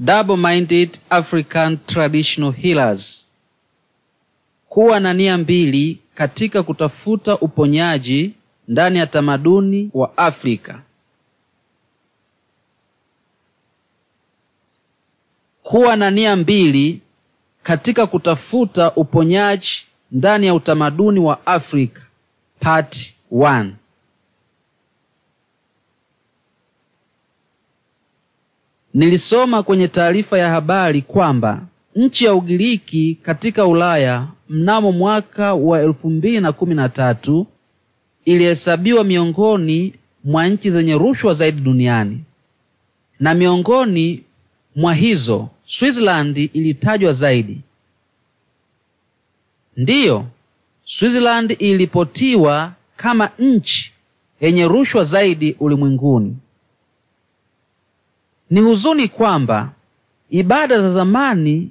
double-minded African traditional healers. Kuwa na nia mbili katika kutafuta uponyaji ndani ya tamaduni wa Afrika. Kuwa na nia mbili katika kutafuta uponyaji ndani ya utamaduni wa Afrika, part 1. Nilisoma kwenye taarifa ya habari kwamba nchi ya Ugiriki katika Ulaya mnamo mwaka wa elfu mbili na kumi na tatu ilihesabiwa miongoni mwa nchi zenye rushwa zaidi duniani, na miongoni mwa hizo Switzerland ilitajwa zaidi. Ndiyo, Switzerland ilipotiwa kama nchi yenye rushwa zaidi ulimwenguni. Ni huzuni kwamba ibada za zamani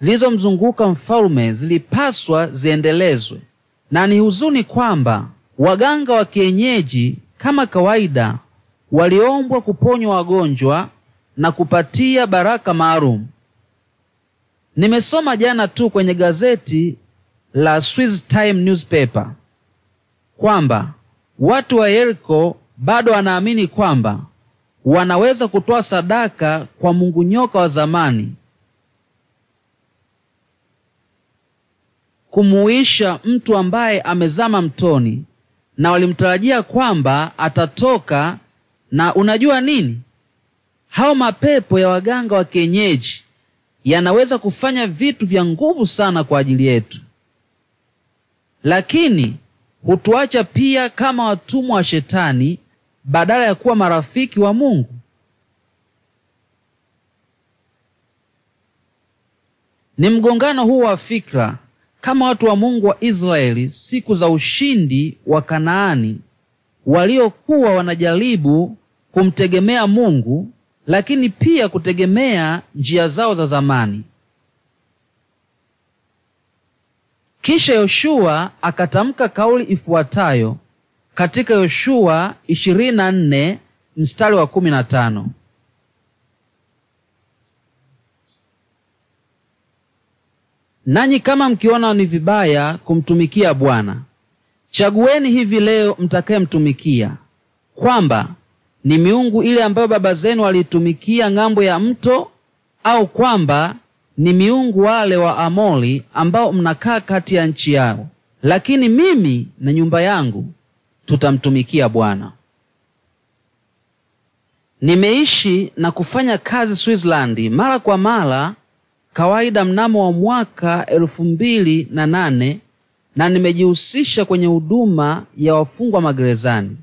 zilizomzunguka mfalme zilipaswa ziendelezwe, na ni huzuni kwamba waganga wa kienyeji kama kawaida waliombwa kuponywa wagonjwa na kupatia baraka maalum. Nimesoma jana tu kwenye gazeti la Swiss Time newspaper kwamba watu wa Yeriko bado wanaamini kwamba wanaweza kutoa sadaka kwa mungu nyoka wa zamani, kumuisha mtu ambaye amezama mtoni, na walimtarajia kwamba atatoka. Na unajua nini? Hao mapepo ya waganga wa kienyeji yanaweza kufanya vitu vya nguvu sana kwa ajili yetu, lakini hutuacha pia kama watumwa wa Shetani badala ya kuwa marafiki wa Mungu. Ni mgongano huu wa fikra kama watu wa Mungu wa Israeli siku za ushindi wa Kanaani waliokuwa wanajaribu kumtegemea Mungu lakini pia kutegemea njia zao za zamani. Kisha Yoshua akatamka kauli ifuatayo katika Yoshua 24 mstari wa 15. nanyi kama mkiona ni vibaya kumtumikia Bwana, chagueni hivi leo mtakayemtumikia, kwamba ni miungu ile ambayo baba zenu waliitumikia ng'ambo ya mto, au kwamba ni miungu wale wa amoli ambao mnakaa kati ya nchi yao. Lakini mimi na nyumba yangu tutamtumikia Bwana. Nimeishi na kufanya kazi switzerlandi mara kwa mara, kawaida mnamo wa mwaka elfu mbili na nane na nimejihusisha kwenye huduma ya wafungwa magerezani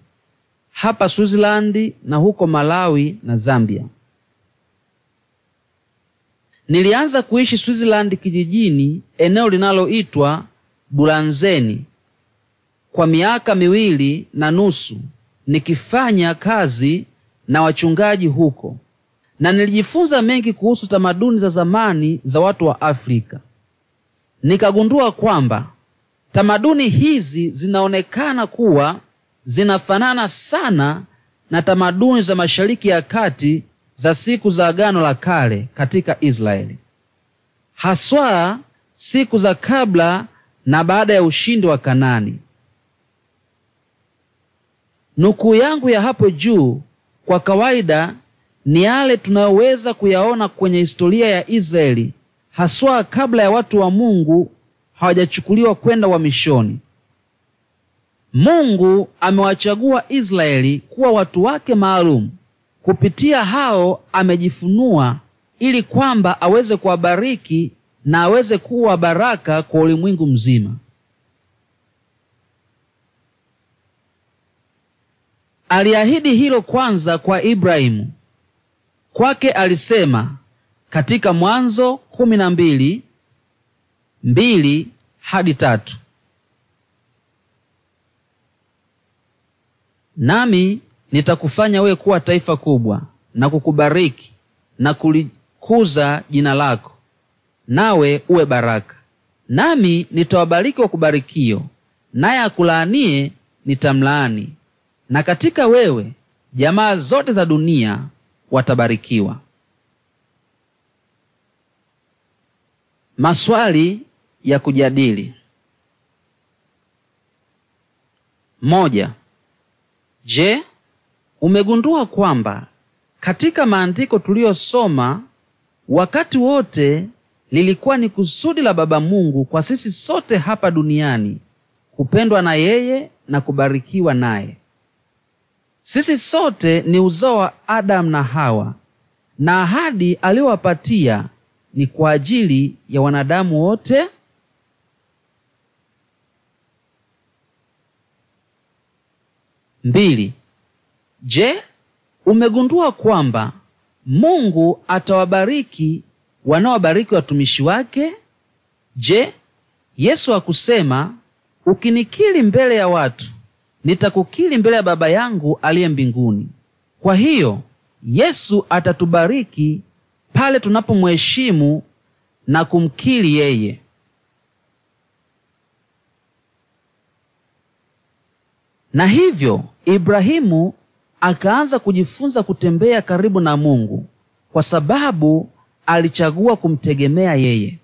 hapa switzerlandi na huko Malawi na Zambia. Nilianza kuishi switzerlandi kijijini, eneo linaloitwa Bulanzeni kwa miaka miwili na nusu nikifanya kazi na wachungaji huko, na nilijifunza mengi kuhusu tamaduni za zamani za watu wa Afrika. Nikagundua kwamba tamaduni hizi zinaonekana kuwa zinafanana sana na tamaduni za Mashariki ya Kati za siku za Agano la Kale katika Israeli, haswa siku za kabla na baada ya ushindi wa Kanani. Nukuu yangu ya hapo juu kwa kawaida ni yale tunayoweza kuyaona kwenye historia ya Israeli, haswa kabla ya watu wa Mungu hawajachukuliwa kwenda mishoni. Mungu amewachagua Israeli kuwa watu wake maalum, kupitia hao amejifunua ili kwamba aweze kuwabariki na aweze kuwa baraka kwa ulimwengu mzima. Aliahidi hilo kwanza kwa Ibrahimu. Kwake alisema katika Mwanzo kumi na mbili mbili hadi tatu, nami nitakufanya wewe kuwa taifa kubwa na kukubariki na kulikuza jina lako, nawe uwe baraka. Nami nitawabariki kubarikio, naye akulaanie nitamlaani na katika wewe jamaa zote za dunia watabarikiwa. Maswali ya kujadili: moja. Je, umegundua kwamba katika maandiko tuliyosoma wakati wote lilikuwa ni kusudi la Baba Mungu kwa sisi sote hapa duniani kupendwa na yeye na kubarikiwa naye? Sisi sote ni uzao wa Adamu na Hawa, na ahadi aliyowapatia ni kwa ajili ya wanadamu wote mbili. Je, umegundua kwamba Mungu atawabariki wanaowabariki watumishi wake? Je, Yesu hakusema ukinikiri mbele ya watu nitakukili mbele ya Baba yangu aliye mbinguni. Kwa hiyo Yesu atatubariki pale tunapomheshimu na kumkili yeye. Na hivyo Ibrahimu akaanza kujifunza kutembea karibu na Mungu kwa sababu alichagua kumtegemea yeye.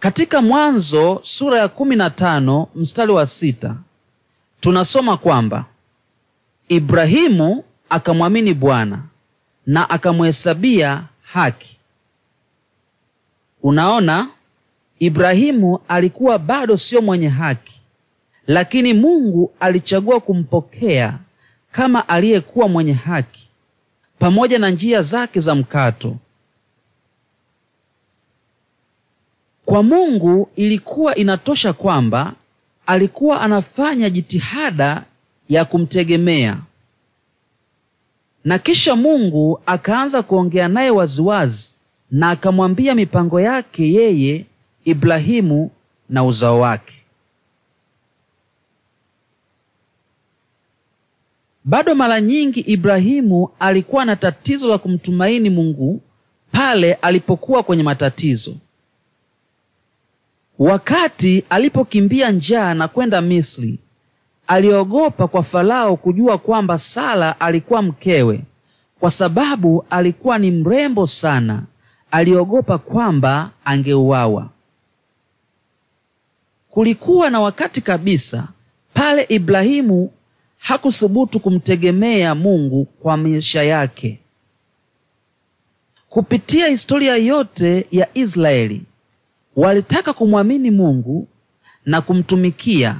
Katika Mwanzo sura ya kumi na tano mstari wa sita tunasoma kwamba Ibrahimu akamwamini Bwana na akamhesabia haki. Unaona, Ibrahimu alikuwa bado sio mwenye haki, lakini Mungu alichagua kumpokea kama aliyekuwa mwenye haki pamoja na njia zake za mkato. Kwa Mungu ilikuwa inatosha kwamba alikuwa anafanya jitihada ya kumtegemea, na kisha Mungu akaanza kuongea naye waziwazi na akamwambia mipango yake yeye Ibrahimu na uzao wake. Bado mara nyingi Ibrahimu alikuwa na tatizo la kumtumaini Mungu pale alipokuwa kwenye matatizo. Wakati alipokimbia njaa na kwenda Misri, aliogopa kwa Farao kujua kwamba Sara alikuwa mkewe, kwa sababu alikuwa ni mrembo sana. Aliogopa kwamba angeuawa. Kulikuwa na wakati kabisa pale Ibrahimu hakuthubutu kumtegemea Mungu kwa maisha yake. Kupitia historia yote ya Israeli, walitaka kumwamini Mungu na kumtumikia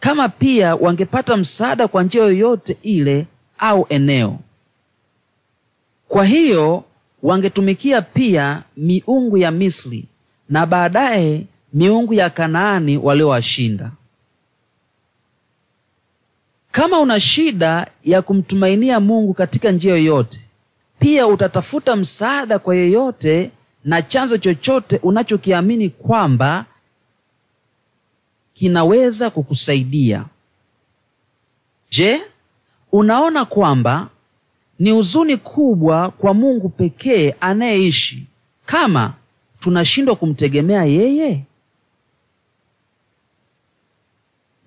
kama pia wangepata msaada kwa njia yoyote ile au eneo. Kwa hiyo wangetumikia pia miungu ya Misri na baadaye miungu ya Kanaani waliowashinda. Kama una shida ya kumtumainia Mungu katika njia yoyote, pia utatafuta msaada kwa yeyote na chanzo chochote unachokiamini kwamba kinaweza kukusaidia. Je, unaona kwamba ni huzuni kubwa kwa Mungu pekee anayeishi kama tunashindwa kumtegemea yeye?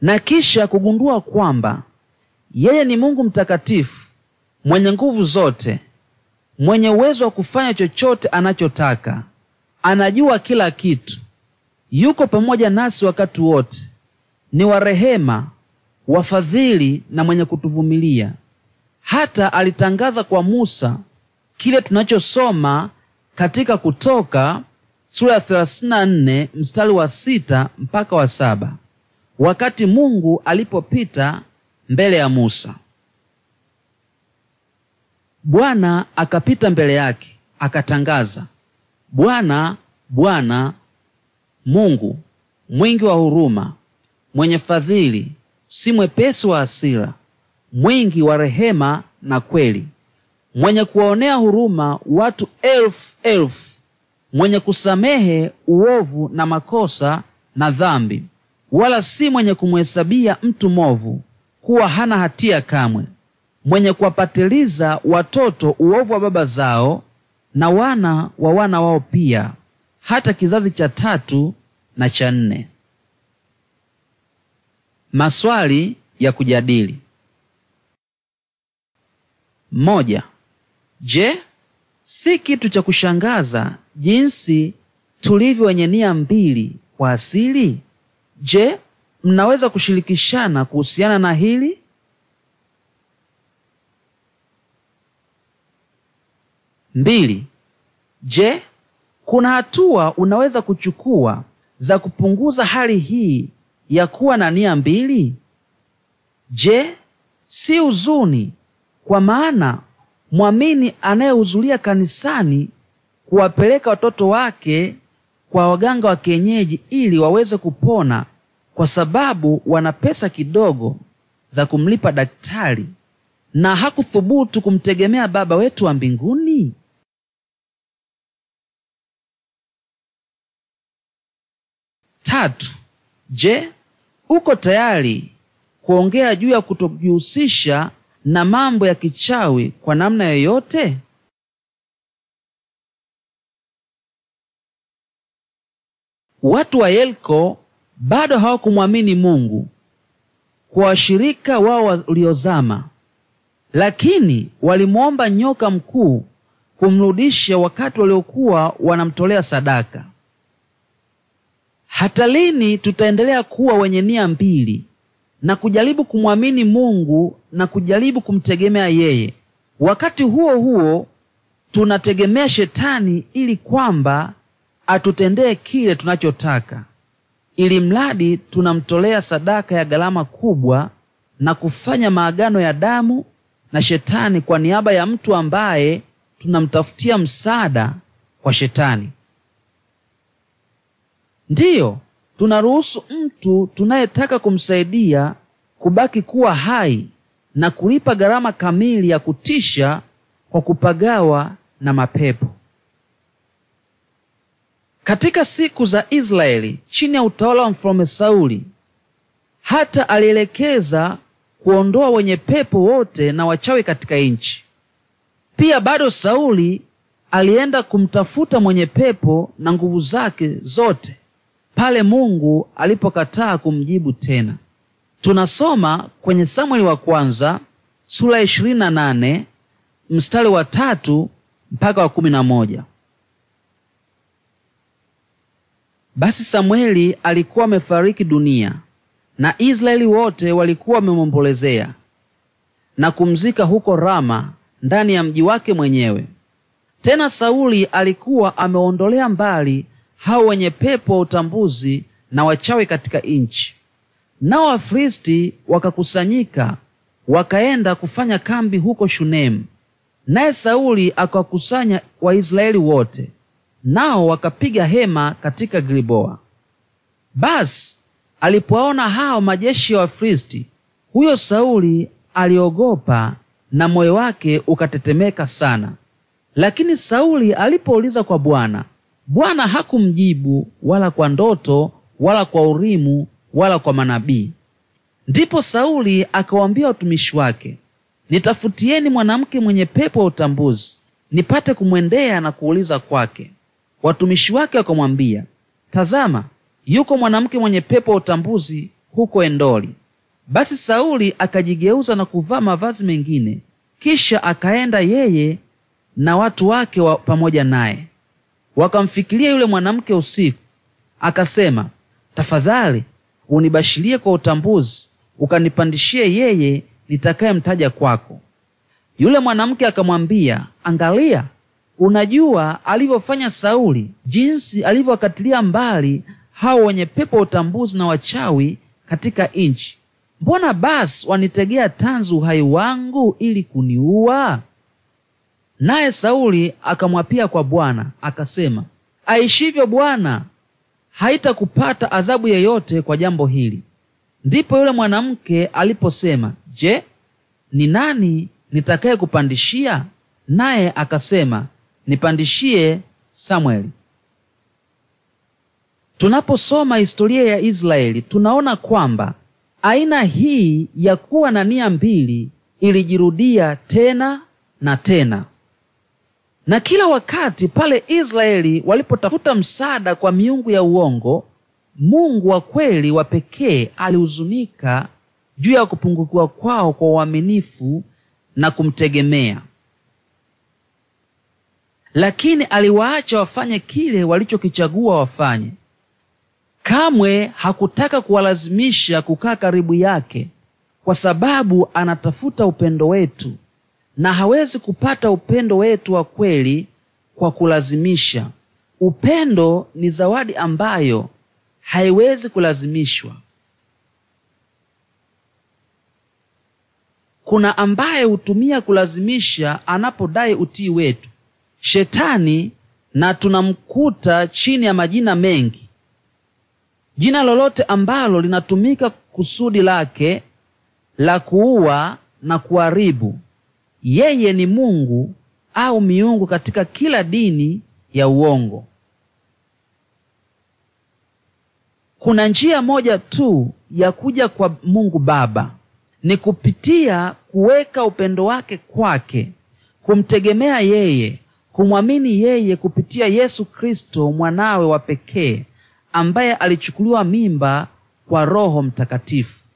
Na kisha kugundua kwamba yeye ni Mungu mtakatifu mwenye nguvu zote mwenye uwezo wa kufanya chochote anachotaka, anajua kila kitu, yuko pamoja nasi wakati wote, ni wa rehema, wafadhili na mwenye kutuvumilia. Hata alitangaza kwa Musa kile tunachosoma katika Kutoka sura ya 34 mstari wa sita mpaka wa saba wakati Mungu alipopita mbele ya Musa. Bwana akapita mbele yake akatangaza, Bwana, Bwana Mungu mwingi wa huruma, mwenye fadhili, si mwepesi wa hasira, mwingi wa rehema na kweli, mwenye kuwaonea huruma watu elfu elfu, mwenye kusamehe uovu na makosa na dhambi, wala si mwenye kumhesabia mtu movu kuwa hana hatia kamwe mwenye kuwapatiliza watoto uovu wa baba zao na wana wa wana wao pia hata kizazi cha tatu na cha nne. Maswali ya kujadili. Moja. Je, si kitu cha kushangaza jinsi tulivyo wenye nia mbili kwa asili? Je, mnaweza kushirikishana kuhusiana na hili? Mbili, je, kuna hatua unaweza kuchukua za kupunguza hali hii ya kuwa na nia mbili? Je, si huzuni, kwa maana mwamini anayehudhuria kanisani kuwapeleka watoto wake kwa waganga wa kienyeji ili waweze kupona, kwa sababu wana pesa kidogo za kumlipa daktari, na hakuthubutu kumtegemea Baba wetu wa mbinguni? tatu, je, uko tayari kuongea juu ya kutojihusisha na mambo ya kichawi kwa namna yoyote? Watu wa Yeriko bado hawakumwamini Mungu kwa washirika wao waliozama, lakini walimwomba nyoka mkuu kumrudisha wakati waliokuwa wanamtolea sadaka. Hata lini tutaendelea kuwa wenye nia mbili na kujaribu kumwamini Mungu na kujaribu kumtegemea yeye? Wakati huo huo tunategemea shetani ili kwamba atutendee kile tunachotaka, ili mradi tunamtolea sadaka ya gharama kubwa na kufanya maagano ya damu na shetani kwa niaba ya mtu ambaye tunamtafutia msaada kwa shetani ndiyo tunaruhusu mtu tunayetaka kumsaidia kubaki kuwa hai na kulipa gharama kamili ya kutisha kwa kupagawa na mapepo. Katika siku za Israeli chini ya utawala wa mfalume Sauli, hata alielekeza kuondoa wenye pepo wote na wachawi katika nchi. Pia bado Sauli alienda kumtafuta mwenye pepo na nguvu zake zote pale Mungu alipokataa kumjibu tena. Tunasoma kwenye Samueli wa kwanza sura ya ishirini na nane mstari wa tatu mpaka wa kumi na moja. Basi Samueli alikuwa amefariki dunia na Israeli wote walikuwa wamemwombolezea na kumzika huko Rama ndani ya mji wake mwenyewe. Tena Sauli alikuwa ameondolea mbali hao wenye pepo wa utambuzi na wachawi katika nchi. Nao Wafilisti wakakusanyika wakaenda kufanya kambi huko Shunemu, naye Sauli akawakusanya Waisraeli wote, nao wakapiga hema katika Giliboa. Basi alipoona hao majeshi ya wa Wafilisti, huyo Sauli aliogopa na moyo wake ukatetemeka sana. Lakini Sauli alipouliza kwa Bwana, Bwana hakumjibu wala kwa ndoto wala kwa urimu wala kwa manabii. Ndipo Sauli akawaambia watumishi wake, nitafutieni mwanamke mwenye pepo ya utambuzi, nipate kumwendea na kuuliza kwake. Watumishi wake wakamwambia, tazama, yuko mwanamke mwenye pepo ya utambuzi huko endoli Basi Sauli akajigeuza na kuvaa mavazi mengine, kisha akaenda yeye na watu wake wa pamoja naye. Wakamfikiria yule mwanamke usiku, akasema, tafadhali unibashirie kwa utambuzi, ukanipandishie yeye nitakayemtaja kwako. Yule mwanamke akamwambia, angalia, unajua alivyofanya Sauli, jinsi alivyowakatilia mbali hawo wenye pepo utambuzi na wachawi katika nchi. Mbona basi wanitegea tanzu uhai wangu ili kuniua? Naye Sauli akamwapia kwa Bwana akasema, aishivyo Bwana, haitakupata adhabu yeyote kwa jambo hili. Ndipo yule mwanamke aliposema, je, ni nani nitakaye kupandishia? Naye akasema, nipandishie Samweli. Tunaposoma historia ya Israeli tunaona kwamba aina hii ya kuwa na nia mbili ilijirudia tena na tena na kila wakati pale Israeli walipotafuta msaada kwa miungu ya uongo, Mungu wa kweli wa pekee alihuzunika juu ya kupungukiwa kwao kwa uaminifu na kumtegemea, lakini aliwaacha wafanye kile walichokichagua wafanye. Kamwe hakutaka kuwalazimisha kukaa karibu yake, kwa sababu anatafuta upendo wetu na hawezi kupata upendo wetu wa kweli kwa kulazimisha. Upendo ni zawadi ambayo haiwezi kulazimishwa. Kuna ambaye hutumia kulazimisha anapodai utii wetu, Shetani, na tunamkuta chini ya majina mengi. Jina lolote ambalo linatumika kusudi lake la kuua na kuharibu yeye ni Mungu au miungu katika kila dini ya uongo. Kuna njia moja tu ya kuja kwa Mungu Baba, ni kupitia kuweka upendo wake kwake, kumtegemea yeye, kumwamini yeye kupitia Yesu Kristo mwanawe wa pekee ambaye alichukuliwa mimba kwa Roho Mtakatifu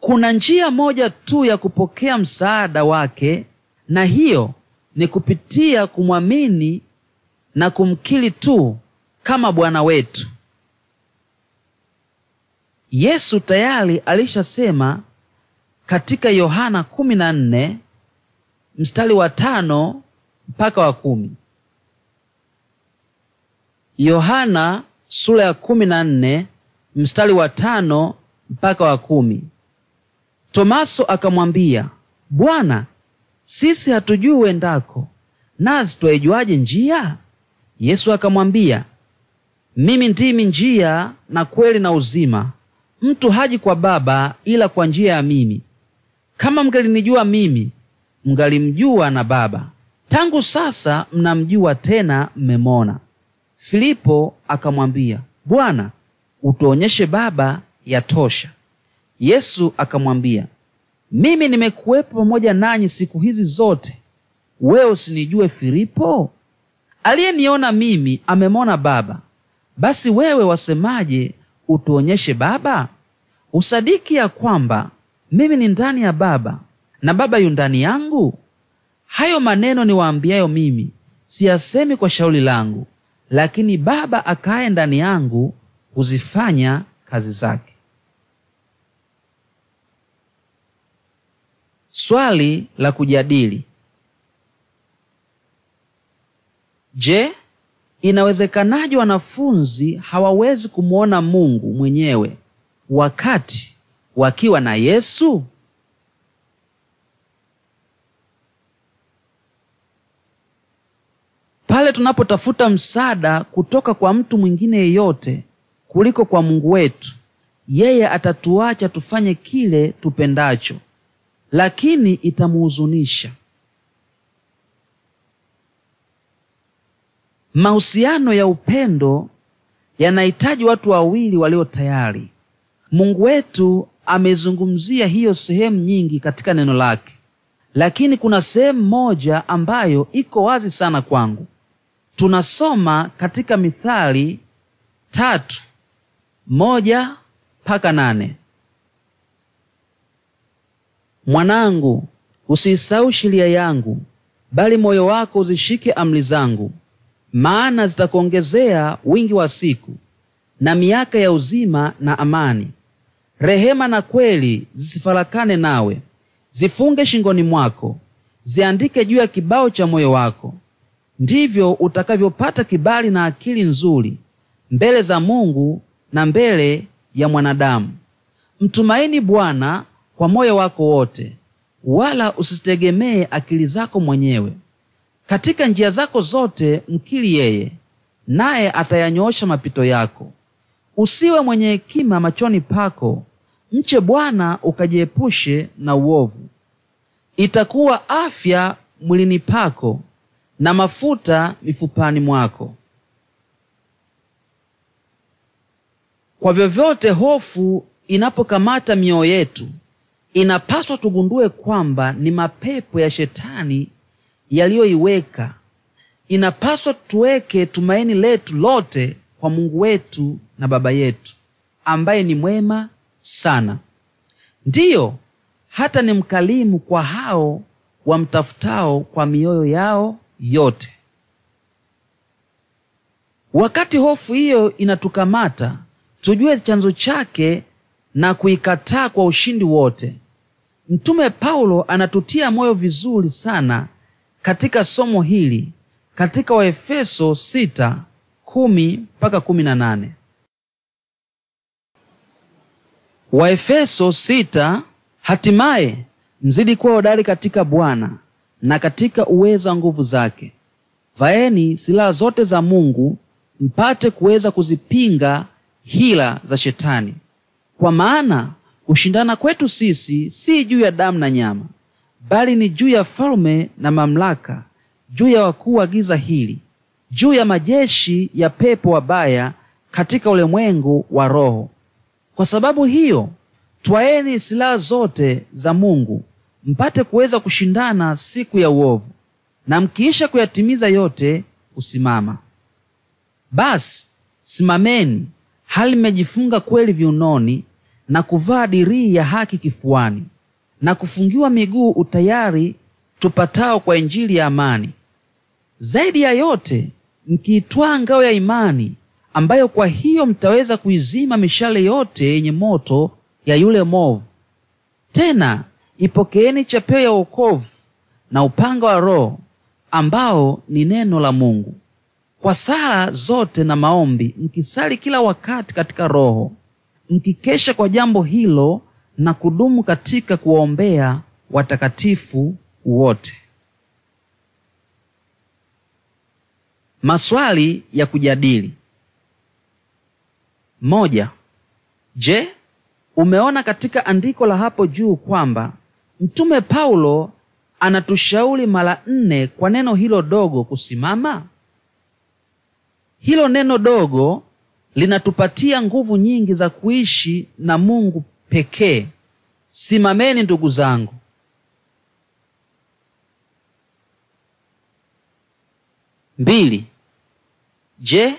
kuna njia moja tu ya kupokea msaada wake, na hiyo ni kupitia kumwamini na kumkiri tu kama Bwana wetu. Yesu tayari alishasema katika Yohana 14 mstari wa tano mpaka wa kumi. Yohana sura ya 14 mstari wa tano mpaka wa kumi. Tomaso akamwambia, Bwana, sisi hatujui uendako, nasi twaijuaje njia? Yesu akamwambia, mimi ndimi njia na kweli na uzima. Mtu haji kwa Baba ila kwa njia ya mimi. Kama mngalinijua mimi, mngalimjua na Baba. Tangu sasa mnamjua tena mmemona. Filipo akamwambia, Bwana, utuonyeshe Baba, yatosha. Yesu akamwambia, mimi nimekuwepo pamoja nanyi siku hizi zote, wewe usinijue Filipo? Aliyeniona mimi amemwona Baba. Basi wewe wasemaje, utuonyeshe Baba? Usadiki ya kwamba mimi ni ndani ya Baba na Baba yu ndani yangu? Hayo maneno niwaambiayo mimi siyasemi kwa shauri langu, lakini Baba akaye ndani yangu huzifanya kazi zake. swali la kujadili. Je, inawezekanaje wanafunzi hawawezi kumwona Mungu mwenyewe wakati wakiwa na Yesu? Pale tunapotafuta msaada kutoka kwa mtu mwingine yeyote kuliko kwa Mungu wetu, yeye atatuacha tufanye kile tupendacho lakini itamuhuzunisha. Mahusiano ya upendo yanahitaji watu wawili walio tayari. Mungu wetu amezungumzia hiyo sehemu nyingi katika neno lake, lakini kuna sehemu moja ambayo iko wazi sana kwangu. Tunasoma katika Mithali tatu moja mpaka nane. Mwanangu, usiisahau sheria yangu, bali moyo wako uzishike amri zangu, maana zitakuongezea wingi wa siku na miaka ya uzima na amani. Rehema na kweli zisifarakane nawe, zifunge shingoni mwako, ziandike juu ya kibao cha moyo wako. Ndivyo utakavyopata kibali na akili nzuri mbele za Mungu na mbele ya mwanadamu. Mtumaini Bwana kwa moyo wako wote, wala usitegemee akili zako mwenyewe. Katika njia zako zote mkili yeye, naye atayanyoosha mapito yako. Usiwe mwenye hekima machoni pako, mche Bwana ukajiepushe na uovu. Itakuwa afya mwilini pako na mafuta mifupani mwako. Kwa vyovyote hofu inapokamata mioyo yetu inapaswa tugundue kwamba ni mapepo ya shetani yaliyoiweka inapaswa tuweke tumaini letu lote kwa mungu wetu na baba yetu ambaye ni mwema sana ndiyo hata ni mkalimu kwa hao wamtafutao kwa mioyo yao yote wakati hofu hiyo inatukamata tujue chanzo chake na kuikataa kwa ushindi wote. Mtume Paulo anatutia moyo vizuri sana katika somo hili katika Waefeso 6:10 mpaka 18. Waefeso 6, hatimaye mzidi kuwa hodari katika Bwana na katika uweza wa nguvu zake. Vaeni silaha zote za Mungu mpate kuweza kuzipinga hila za Shetani. Kwa maana kushindana kwetu sisi si juu ya damu na nyama, bali ni juu ya falme na mamlaka, juu ya wakuu wa giza hili, juu ya majeshi ya pepo wabaya katika ulimwengu wa roho. Kwa sababu hiyo, twaeni silaha zote za Mungu mpate kuweza kushindana siku ya uovu, na mkiisha kuyatimiza yote kusimama. Basi simameni hali mmejifunga kweli viunoni, na kuvaa dirii ya haki kifuani na kufungiwa miguu utayari tupatao kwa injili ya amani. Zaidi ya yote, mkiitwaa ngao ya imani, ambayo kwa hiyo mtaweza kuizima mishale yote yenye moto ya yule movu. Tena ipokeeni chapeo ya wokovu na upanga wa Roho, ambao ni neno la Mungu. Kwa sala zote na maombi mkisali kila wakati katika Roho, mkikesha kwa jambo hilo na kudumu katika kuwaombea watakatifu wote. Maswali ya kujadili. Moja. Je, umeona katika andiko la hapo juu kwamba Mtume Paulo anatushauri mara nne kwa neno hilo dogo kusimama? Hilo neno dogo linatupatia nguvu nyingi za kuishi na Mungu pekee. Simameni ndugu zangu. Mbili. Je,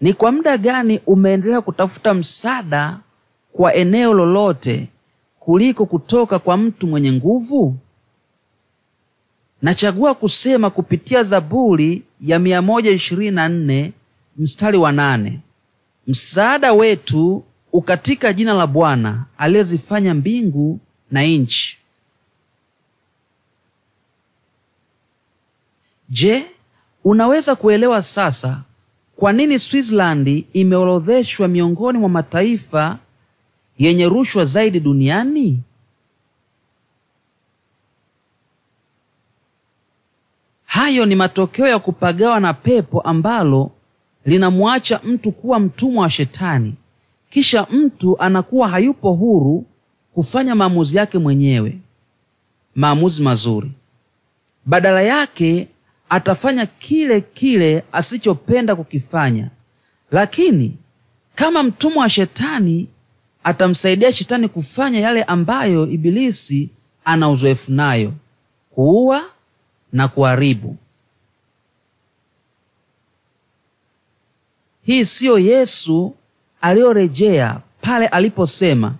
ni kwa muda gani umeendelea kutafuta msaada kwa eneo lolote kuliko kutoka kwa mtu mwenye nguvu? Nachagua kusema kupitia Zaburi ya 124 mstari wa nane. Msaada wetu ukatika jina la Bwana aliyezifanya mbingu na nchi. Je, unaweza kuelewa sasa kwa nini Switzerland imeorodheshwa miongoni mwa mataifa yenye rushwa zaidi duniani? Hayo ni matokeo ya kupagawa na pepo ambalo linamwacha mtu kuwa mtumwa wa Shetani, kisha mtu anakuwa hayupo huru kufanya maamuzi yake mwenyewe, maamuzi mazuri. Badala yake atafanya kile kile asichopenda kukifanya. Lakini kama mtumwa wa Shetani, atamsaidia Shetani kufanya yale ambayo Ibilisi ana uzoefu nayo: kuua na kuharibu. Hii siyo Yesu aliyorejea pale aliposema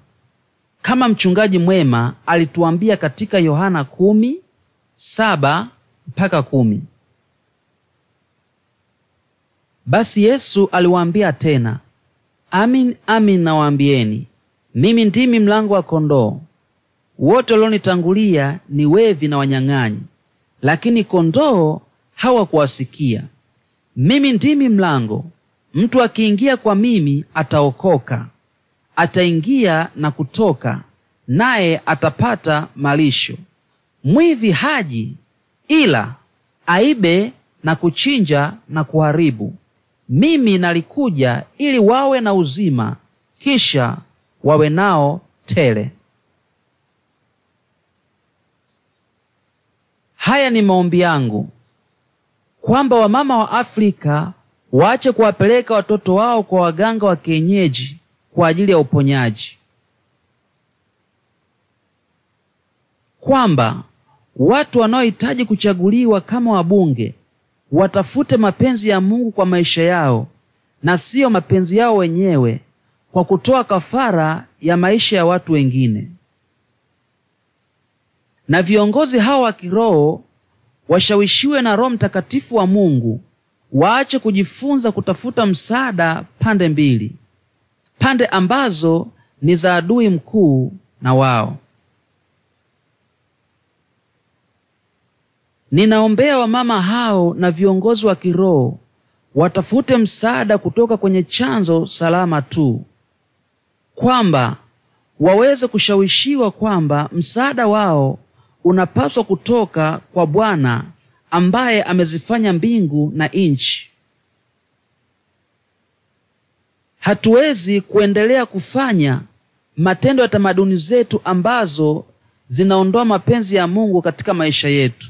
kama mchungaji mwema alituambia katika Yohana kumi saba mpaka kumi. Basi Yesu aliwaambia tena, amin amin nawaambieni, mimi ndimi mlango wa kondoo. Wote walionitangulia ni wevi na wanyang'anyi, lakini kondoo hawakuwasikia. Mimi ndimi mlango. Mtu akiingia kwa mimi ataokoka, ataingia na kutoka, naye atapata malisho. Mwivi haji ila aibe na kuchinja na kuharibu. Mimi nalikuja ili wawe na uzima, kisha wawe nao tele. Haya ni maombi yangu, kwamba wamama wa Afrika waache kuwapeleka watoto wao kwa waganga wa kienyeji kwa ajili ya uponyaji, kwamba watu wanaohitaji kuchaguliwa kama wabunge watafute mapenzi ya Mungu kwa maisha yao na siyo mapenzi yao wenyewe kwa kutoa kafara ya maisha ya watu wengine. Na viongozi hawa wa kiroho washawishiwe na Roho Mtakatifu wa Mungu waache kujifunza kutafuta msaada pande mbili, pande ambazo ni za adui mkuu na wao. Ninaombea wamama hao na viongozi wa kiroho watafute msaada kutoka kwenye chanzo salama tu, kwamba waweze kushawishiwa kwamba msaada wao unapaswa kutoka kwa Bwana ambaye amezifanya mbingu na nchi hatuwezi kuendelea kufanya matendo ya tamaduni zetu ambazo zinaondoa mapenzi ya Mungu katika maisha yetu.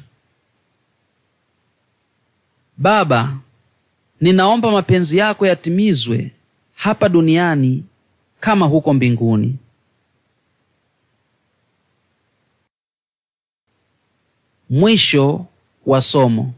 Baba, ninaomba mapenzi yako yatimizwe hapa duniani kama huko mbinguni. Mwisho wa somo.